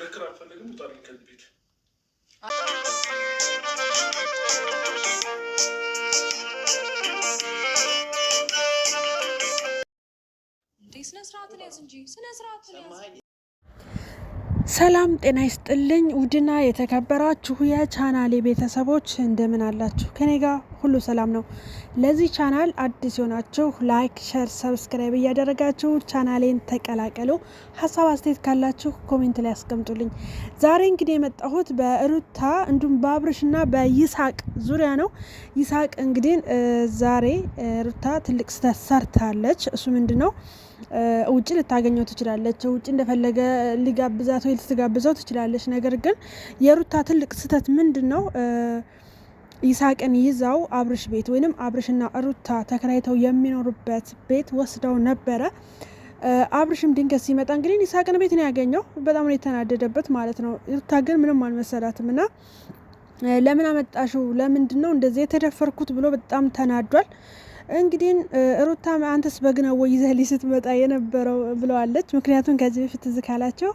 ክርክር አልፈልግም። ውጣ ከዚህ ቤት። ስነስርዓትን ያዝ እንጂ ስነስርዓትን ያዝ ሰላም ጤና ይስጥልኝ። ውድና የተከበራችሁ የቻናሌ ቤተሰቦች እንደምን አላችሁ? ከኔ ጋር ሁሉ ሰላም ነው። ለዚህ ቻናል አዲስ የሆናችሁ ላይክ፣ ሸር፣ ሰብስክራይብ እያደረጋችሁ ቻናሌን ተቀላቀሉ። ሀሳብ አስተያየት ካላችሁ ኮሜንት ላይ ያስቀምጡልኝ። ዛሬ እንግዲህ የመጣሁት በሩታ እንዲሁም በአብርሽና በይሳቅ ዙሪያ ነው። ይሳቅ እንግዲህ ዛሬ ሩታ ትልቅ ስህተት ሰርታለች። እሱ ምንድን ነው? ውጭ ልታገኘው ትችላለች። ውጭ እንደፈለገ ሊጋብዛት ወይ ልትጋብዘው ትችላለች። ነገር ግን የሩታ ትልቅ ስህተት ምንድን ነው? ይሳቅን ይዛው አብርሽ ቤት ወይም አብርሽና ሩታ ተከራይተው የሚኖሩበት ቤት ወስደው ነበረ። አብርሽም ድንገት ሲመጣ እንግዲህ ይሳቅን ቤት ነው ያገኘው። በጣም ነው የተናደደበት ማለት ነው። ሩታ ግን ምንም አልመሰላትም እና ለምን አመጣሽው? ለምንድን ነው እንደዚህ የተደፈርኩት ብሎ በጣም ተናዷል። እንግዲህ ሩታ አንተስ በግ ነው ወይ ይዘህ ስትመጣ የነበረው ብለዋለች። ምክንያቱም ከዚህ በፊት ትዝ ካላቸው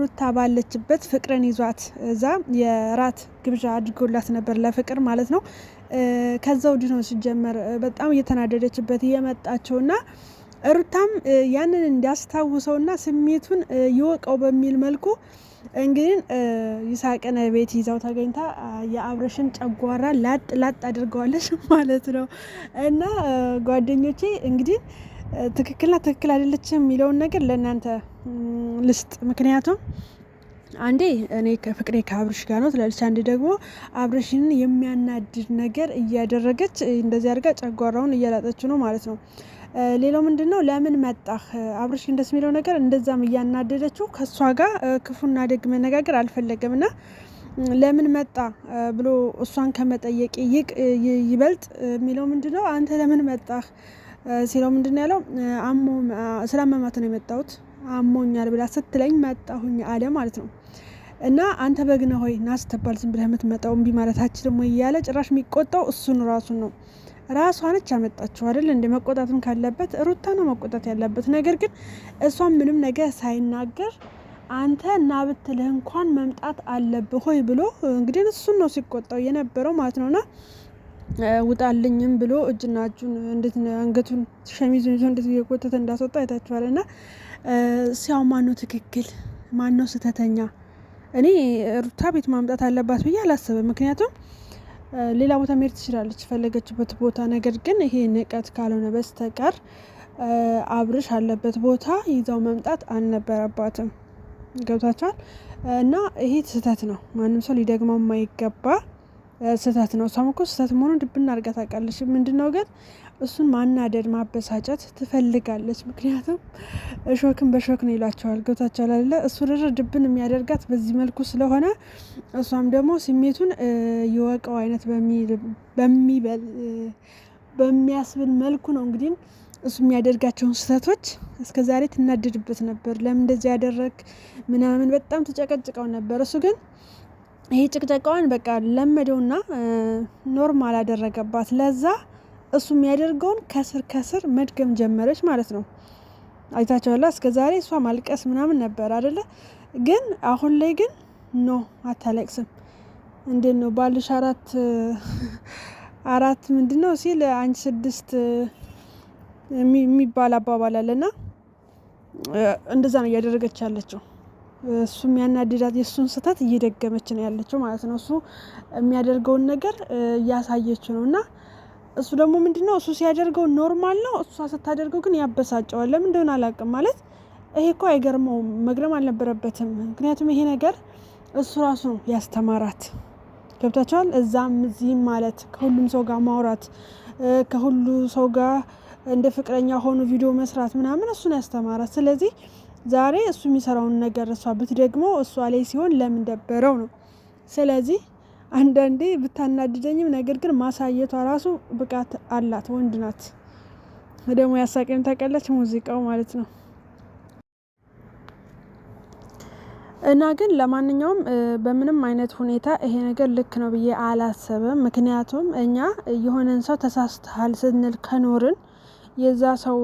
ሩታ ባለችበት ፍቅርን ይዟት እዛ የራት ግብዣ አድርጎላት ነበር፣ ለፍቅር ማለት ነው። ከዛው ድኖ ሲጀመር በጣም እየተናደደችበት የመጣቸውና ሩታም ያንን እንዲያስታውሰውና ስሜቱን ይወቀው በሚል መልኩ እንግዲህ ይሳቅን ቤት ይዛው ተገኝታ የአብረሽን ጨጓራ ላጥ ላጥ አድርገዋለች ማለት ነው። እና ጓደኞቼ እንግዲህ ትክክልና ትክክል አይደለችም የሚለውን ነገር ለእናንተ ልስጥ። ምክንያቱም አንዴ እኔ ፍቅሬ ከአብርሽ ጋር ነው ትላለች፣ አንዴ ደግሞ አብርሽን የሚያናድድ ነገር እያደረገች እንደዚህ አድርጋ ጨጓራውን እያላጠች ነው ማለት ነው። ሌላው ምንድን ነው ለምን መጣህ? አብርሽ እንደስ የሚለው ነገር እንደዛም እያናደደችው ከእሷ ጋር ክፉና ደግ መነጋገር አልፈለገም ና ለምን መጣ ብሎ እሷን ከመጠየቅ ይቅ ይበልጥ የሚለው ምንድን ነው አንተ ለምን መጣህ ሲለው ምንድን ነው ያለው ስላመማት ነው የመጣሁት አሞኛል ብላ ስትለኝ መጣሁኝ አለ ማለት ነው። እና አንተ በግነ ሆይ ና ስትባል ዝም ብለህ የምትመጣው እምቢ ማለት አችልም ወይ እያለ ጭራሽ የሚቆጣው እሱን ራሱን ነው ራሷ ነች ያመጣችው አይደል? እንደ መቆጣትም ካለበት ሩታ ነው መቆጣት ያለበት። ነገር ግን እሷን ምንም ነገር ሳይናገር አንተ እና ብትልህ እንኳን መምጣት አለብህ ሆይ ብሎ እንግዲህ እሱን ነው ሲቆጣው የነበረው ማለት ነውና ውጣልኝም ብሎ እጅና እጁን እንዴት አንገቱን ሸሚዙን ይዞ እንዴት እየጎተተ እንዳስወጣ አይታችኋል። እና ሲያው ማነው ትክክል ማነው ስህተተኛ? እኔ ሩታ ቤት ማምጣት አለባት ብዬ አላስብም። ምክንያቱም ሌላ ቦታ መሄድ ትችላለች የፈለገችበት ቦታ። ነገር ግን ይሄ ንቀት ካልሆነ በስተቀር አብርሽ አለበት ቦታ ይዛው መምጣት አልነበረባትም። ገብቷቸዋል። እና ይሄ ስህተት ነው። ማንም ሰው ሊደግመው የማይገባ ስህተት ነው። እሷም እኮ ስህተት መሆኑን ድብና እርጋ ታውቃለች። ምንድን ነው ግን እሱን ማናደድ ማበሳጨት ትፈልጋለች። ምክንያቱም እሾክን በሾክ ነው ይሏቸዋል። ገብታቸዋል ላለ እሱ ርር ድብን የሚያደርጋት በዚህ መልኩ ስለሆነ እሷም ደግሞ ስሜቱን የወቀው አይነት በሚያስብል መልኩ ነው እንግዲህ እሱ የሚያደርጋቸውን ስህተቶች እስከ ዛሬ ትናደድበት ነበር። ለምን እንደዚህ ያደረግ ምናምን በጣም ተጨቀጭቀው ነበር። እሱ ግን ይሄ ጭቅጨቃዋን በቃ ለመደውና ኖርማል አደረገባት ለዛ እሱ የሚያደርገውን ከስር ከስር መድገም ጀመረች ማለት ነው። አይታቸኋላ እስከ ዛሬ እሷ ማልቀስ ምናምን ነበር አደለ? ግን አሁን ላይ ግን ኖ አታለቅስም። እንዴት ነው ባልሽ አራት አራት ምንድን ነው ሲል አንቺ ስድስት የሚባል አባባል አለና እንደዛ ነው እያደረገች ያለችው። እሱ የሚያናድዳት የእሱን ስህተት እየደገመች ነው ያለችው ማለት ነው። እሱ የሚያደርገውን ነገር እያሳየችው ነው እና እሱ ደግሞ ምንድነው እሱ ሲያደርገው ኖርማል ነው፣ እሷ ስታደርገው ግን ያበሳጨዋል። ለምን እንደሆነ አላውቅም። ማለት ይሄ እኮ አይገርመውም፣ መግረም አልነበረበትም። ምክንያቱም ይሄ ነገር እሱ ራሱ ነው ያስተማራት። ገብታቸዋል እዛም እዚህም ማለት ከሁሉም ሰው ጋር ማውራት፣ ከሁሉ ሰው ጋር እንደ ፍቅረኛ ሆኑ ቪዲዮ መስራት ምናምን እሱን ያስተማራት። ስለዚህ ዛሬ እሱ የሚሰራውን ነገር እሷ ብት ደግሞ እሷ ላይ ሲሆን ለምን ደበረው ነው። ስለዚህ አንዳንዴ ብታናድደኝም ነገር ግን ማሳየቷ ራሱ ብቃት አላት። ወንድ ናት። ደግሞ ያሳቀኝ ታውቃለች፣ ሙዚቃው ማለት ነው። እና ግን ለማንኛውም በምንም አይነት ሁኔታ ይሄ ነገር ልክ ነው ብዬ አላሰብም። ምክንያቱም እኛ የሆነን ሰው ተሳስተሃል ስንል ከኖርን የዛ ሰው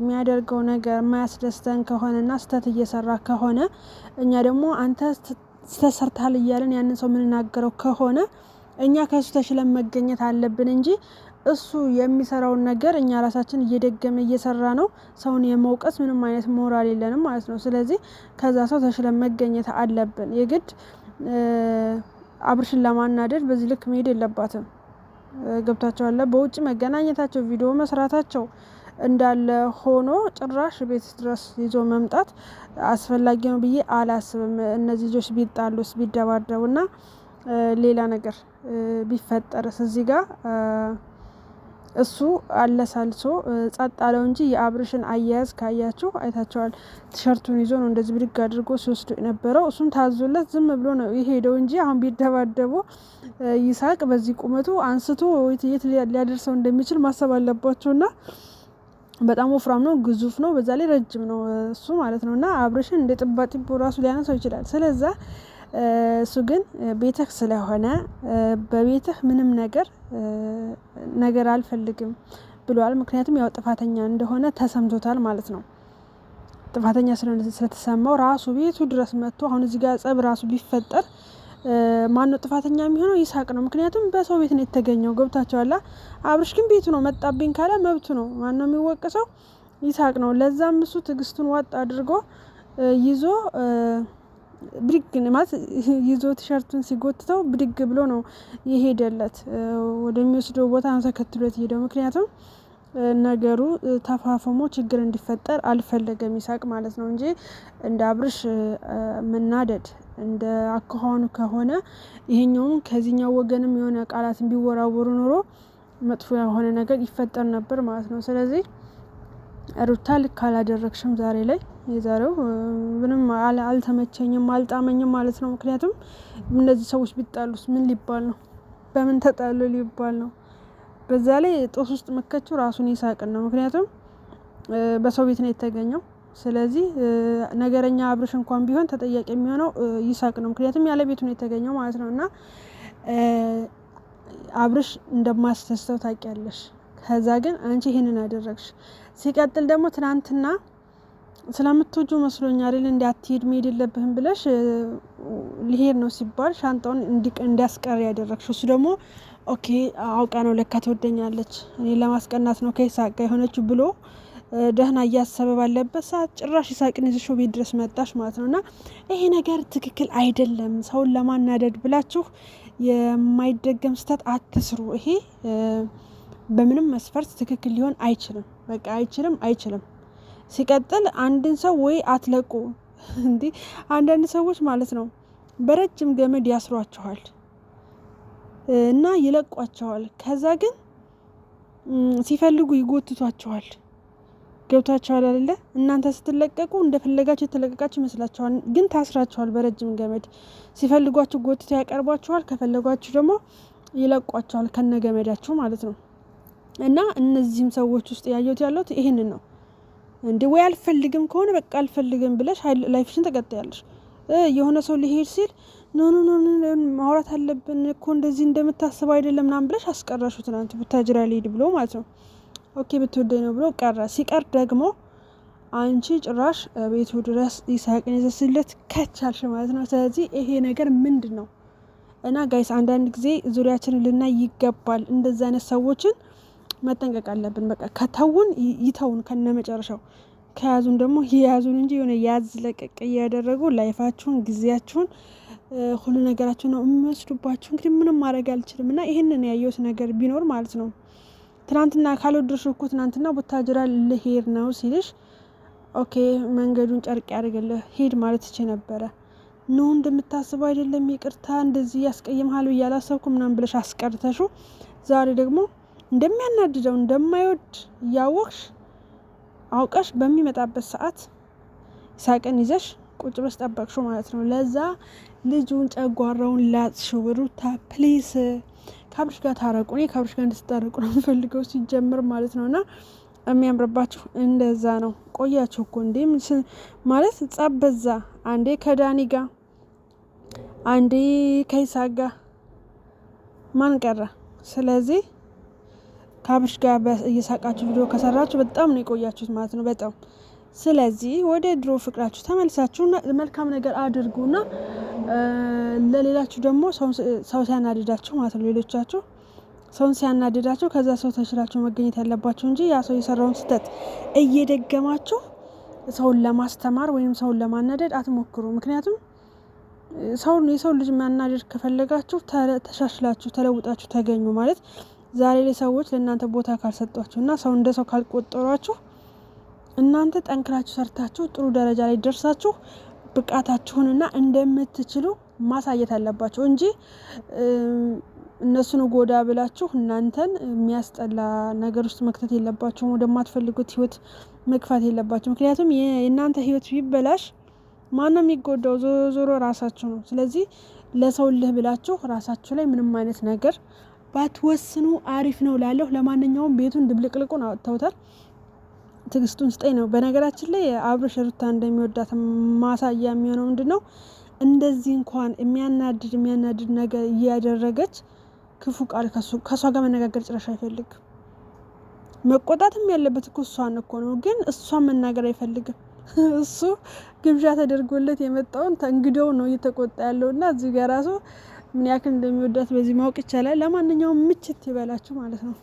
የሚያደርገው ነገር የማያስደስተን ከሆነና ስህተት እየሰራ ከሆነ እኛ ደግሞ አንተ ተሰርታል እያለን ያንን ሰው የምንናገረው ከሆነ እኛ ከእሱ ተሽለን መገኘት አለብን እንጂ እሱ የሚሰራውን ነገር እኛ ራሳችን እየደገመ እየሰራ ነው። ሰውን የመውቀስ ምንም አይነት ሞራል የለንም ማለት ነው። ስለዚህ ከዛ ሰው ተሽለን መገኘት አለብን። የግድ አብርሽን ለማናደድ በዚህ ልክ መሄድ የለባትም። ገብታቸው አለ በውጭ መገናኘታቸው፣ ቪዲዮ መስራታቸው እንዳለ ሆኖ ጭራሽ ቤት ድረስ ይዞ መምጣት አስፈላጊ ነው ብዬ አላስብም። እነዚህ ልጆች ቢጣሉስ ና ሌላ ነገር ቢፈጠርስ እዚህ ጋር እሱ አለሳልሶ ጸጥ አለው እንጂ የአብርሽን አያያዝ ካያችሁ አይታቸዋል። ቲሸርቱን ይዞ ነው እንደዚህ ብድግ አድርጎ ሲወስዱ የነበረው። እሱም ታዞለት ዝም ብሎ ነው የሄደው እንጂ አሁን ቢደባደቡ ይሳቅ በዚህ ቁመቱ አንስቶ የት ሊያደርሰው እንደሚችል ማሰብ አለባቸውና በጣም ወፍራም ነው፣ ግዙፍ ነው፣ በዛ ላይ ረጅም ነው እሱ ማለት ነው። እና አብርሽን እንደ ጥባጢቦ ራሱ ሊያነሳው ይችላል። ስለዛ እሱ ግን ቤትህ ስለሆነ በቤትህ ምንም ነገር ነገር አልፈልግም ብሏል። ምክንያቱም ያው ጥፋተኛ እንደሆነ ተሰምቶታል ማለት ነው። ጥፋተኛ ስለሆነ ስለተሰማው ራሱ ቤቱ ድረስ መጥቶ አሁን እዚህ ጋር ጸብ ራሱ ቢፈጠር ማነው ጥፋተኛ የሚሆነው? ይስሐቅ ነው። ምክንያቱም በሰው ቤት ነው የተገኘው። ገብታችኋላ። አብርሽ ግን ቤቱ ነው። መጣብኝ ካለ መብቱ ነው። ማነው የሚወቀሰው? ይስሐቅ ነው። ለዛም እሱ ትዕግስቱን ዋጥ አድርጎ ይዞ ብድግ ማለት ይዞ ቲሸርቱን ሲጎትተው ብድግ ብሎ ነው የሄደለት ወደሚወስደው ቦታ ተከትሎት ሄደው። ምክንያቱም ነገሩ ተፋፍሞ ችግር እንዲፈጠር አልፈለገም ይሳቅ ማለት ነው እንጂ እንደ አብርሽ መናደድ እንደ አካኋኑ ከሆነ ይሄኛውም ከዚህኛው ወገንም የሆነ ቃላትን ቢወራወሩ ኖሮ መጥፎ የሆነ ነገር ይፈጠር ነበር ማለት ነው። ስለዚህ ሩታ ልክ አላደረግሽም። ዛሬ ላይ የዛሬው ምንም አልተመቸኝም፣ አልጣመኝም ማለት ነው። ምክንያቱም እነዚህ ሰዎች ቢጣሉስ ምን ሊባል ነው? በምን ተጣሉ ሊባል ነው? በዛ ላይ ጦስ ውስጥ መከችው ራሱን የሳቅን ነው። ምክንያቱም በሰው ቤት ነው የተገኘው። ስለዚህ ነገረኛ አብርሽ እንኳን ቢሆን ተጠያቂ የሚሆነው ይሳቅ ነው። ምክንያቱም ያለ ቤቱ ነው የተገኘው ማለት ነው። እና አብርሽ እንደማስተስተው ታውቂያለሽ። ከዛ ግን አንቺ ይህንን አደረግሽ። ሲቀጥል ደግሞ ትናንትና ስለምትወጁ መስሎኛ አይደል እንዲ አትሄድ መሄድ የለብህም ብለሽ ሊሄድ ነው ሲባል ሻንጣውን እንዲያስቀር ያደረግሽ እሱ ደግሞ ኦኬ አውቃ ነው ለካ ትወደኛለች እኔ ለማስቀናት ነው ከይሳቅ ጋር የሆነችው ብሎ ደህና እያሰበ ባለበት ሰዓት ጭራሽ ይሳቅን ይዘሽው ቤት ድረስ መጣሽ ማለት ነው። እና ይሄ ነገር ትክክል አይደለም። ሰውን ለማናደድ ብላችሁ የማይደገም ስህተት አትስሩ። ይሄ በምንም መስፈርት ትክክል ሊሆን አይችልም። በቃ አይችልም፣ አይችልም። ሲቀጥል አንድን ሰው ወይ አትለቁ። እንዲህ አንዳንድ ሰዎች ማለት ነው በረጅም ገመድ ያስሯችኋል እና ይለቋቸዋል። ከዛ ግን ሲፈልጉ ይጎትቷቸዋል። ገብታችኋል አይደለ? እናንተ ስትለቀቁ እንደፈለጋቸው የተለቀቃቸው ይመስላችኋል፣ ግን ታስራቸዋል በረጅም ገመድ። ሲፈልጓቸው ጎትተው ያቀርቧችኋል፣ ከፈለጓችሁ ደግሞ ይለቋቸዋል ከነ ገመዳቸው ማለት ነው። እና እነዚህም ሰዎች ውስጥ ያየሁት ያለሁት ይህንን ነው። እንዲ ወይ አልፈልግም ከሆነ በቃ አልፈልግም ብለሽ ላይፍሽን ተቀጣያለሽ። የሆነ ሰው ሊሄድ ሲል ኖ ኖ ኖ ማውራት አለብን እኮ እንደዚህ እንደምታስበው አይደለም ምናምን ብለሽ አስቀራሹ። ትናንት ብታጅራ ሊሄድ ብሎ ማለት ነው ኦኬ ብትወደኝ ነው ብሎ ቀረ። ሲቀር ደግሞ አንቺ ጭራሽ ቤቱ ድረስ ይሳቅን የዘስለት ከቻልሽ ማለት ነው። ስለዚህ ይሄ ነገር ምንድን ነው? እና ጋይስ አንዳንድ ጊዜ ዙሪያችንን ልናይ ይገባል። እንደዚ አይነት ሰዎችን መጠንቀቅ አለብን። በቃ ከተውን ይተውን ከነ መጨረሻው፣ ከያዙን ደግሞ የያዙን እንጂ የሆነ ያዝ ለቀቅ እያደረጉ ላይፋችሁን፣ ጊዜያችሁን፣ ሁሉ ነገራችሁ ነው የሚወስዱባችሁ። እንግዲህ ምንም ማድረግ አልችልም እና ይህንን ያየሁት ነገር ቢኖር ማለት ነው ትናንትና ካልወደድሽ እኮ ትናንትና ቡታጅራ ልሄድ ነው ሲልሽ፣ ኦኬ መንገዱን ጨርቅ ያደርግልህ ሄድ ማለት ትቼ ነበረ። ኑ እንደምታስበው አይደለም፣ ይቅርታ እንደዚህ ያስቀይምሃል ብዬ አላሰብኩም ምናምን ብለሽ አስቀርተሹ፣ ዛሬ ደግሞ እንደሚያናድደው እንደማይወድ እያወቅሽ አውቀሽ በሚመጣበት ሰዓት ሳቅን ይዘሽ ቁጭ ብለሽ ጠበቅሽው ማለት ነው። ለዛ ልጁን ጨጓራውን ላጽሽው ሩታ ፕሊስ ከአብርሽ ጋር ታረቁ። እኔ ከአብርሽ ጋር እንድትታረቁ ነው የምፈልገው ሲጀምር ማለት ነው። እና የሚያምርባችሁ እንደዛ ነው። ቆያችሁ እኮ እንዴ ማለት ጸብ በዛ። አንዴ ከዳኒ ጋር፣ አንዴ ከይሳ ጋር ማን ቀረ? ስለዚህ ከአብርሽ ጋር እየሳቃችሁ ቪዲዮ ከሰራችሁ በጣም ነው የቆያችሁት ማለት ነው በጣም ስለዚህ ወደ ድሮ ፍቅራችሁ ተመልሳችሁ መልካም ነገር አድርጉና ለሌላችሁ ደግሞ ሰው ሲያናድዳችሁ ማለት ነው ሌሎቻችሁ ሰውን ሲያናድዳችሁ ከዛ ሰው ተሽላችሁ መገኘት ያለባችሁ እንጂ ያ ሰው የሰራውን ስህተት እየደገማችሁ ሰውን ለማስተማር ወይም ሰውን ለማናደድ አትሞክሩ። ምክንያቱም ሰውን የሰው ልጅ ማናደድ ከፈለጋችሁ ተሻሽላችሁ ተለውጣችሁ ተገኙ ማለት ዛሬ ላይ ሰዎች ለእናንተ ቦታ ካልሰጧችሁ እና ሰው እንደ ሰው ካልቆጠሯችሁ እናንተ ጠንክራችሁ ሰርታችሁ ጥሩ ደረጃ ላይ ደርሳችሁ ብቃታችሁንና እንደምትችሉ ማሳየት አለባችሁ እንጂ እነሱን ጎዳ ብላችሁ እናንተን የሚያስጠላ ነገር ውስጥ መክተት የለባችሁም። ወደማትፈልጉት ህይወት መግፋት የለባችሁ። ምክንያቱም የእናንተ ህይወት ቢበላሽ ማነው የሚጎዳው? ዞሮ ዞሮ ራሳችሁ ነው። ስለዚህ ለሰው ልህ ብላችሁ ራሳችሁ ላይ ምንም አይነት ነገር ባትወስኑ አሪፍ ነው ላለሁ። ለማንኛውም ቤቱን ድብልቅልቁን አወጥተውታል። ትዕግስቱን ስጠኝ ነው። በነገራችን ላይ አብርሽ ሩታ እንደሚወዳት ማሳያ የሚሆነው ምንድን ነው? እንደዚህ እንኳን የሚያናድድ የሚያናድድ ነገር እያደረገች ክፉ ቃል ከእሷ ጋር መነጋገር ጭራሽ አይፈልግም። መቆጣትም ያለበት እኮ እሷን እኮ ነው፣ ግን እሷን መናገር አይፈልግም። እሱ ግብዣ ተደርጎለት የመጣውን ተንግደው ነው እየተቆጣ ያለው እና እዚህ ጋር ራሱ ምን ያክል እንደሚወዳት በዚህ ማወቅ ይቻላል። ለማንኛውም ምችት ይበላችሁ ማለት ነው።